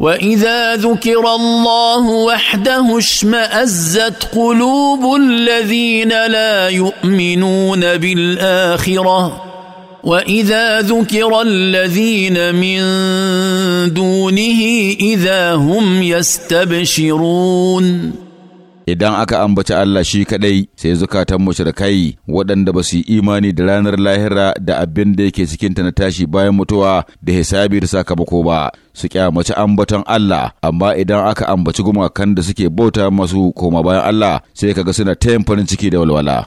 واذا ذكر الله وحده اشمازت قلوب الذين لا يؤمنون بالاخره واذا ذكر الذين من دونه اذا هم يستبشرون idan aka ambaci Allah shi kaɗai, sai zukatan mushrikai waɗanda ba su yi imani da ranar lahira da abin da yake cikinta na tashi bayan mutuwa da hisabi da sakamako ba su kyamaci ambaton Allah amma idan aka ambaci gumakan da suke bauta masu koma bayan Allah sai kaga suna tayin farin ciki da walwala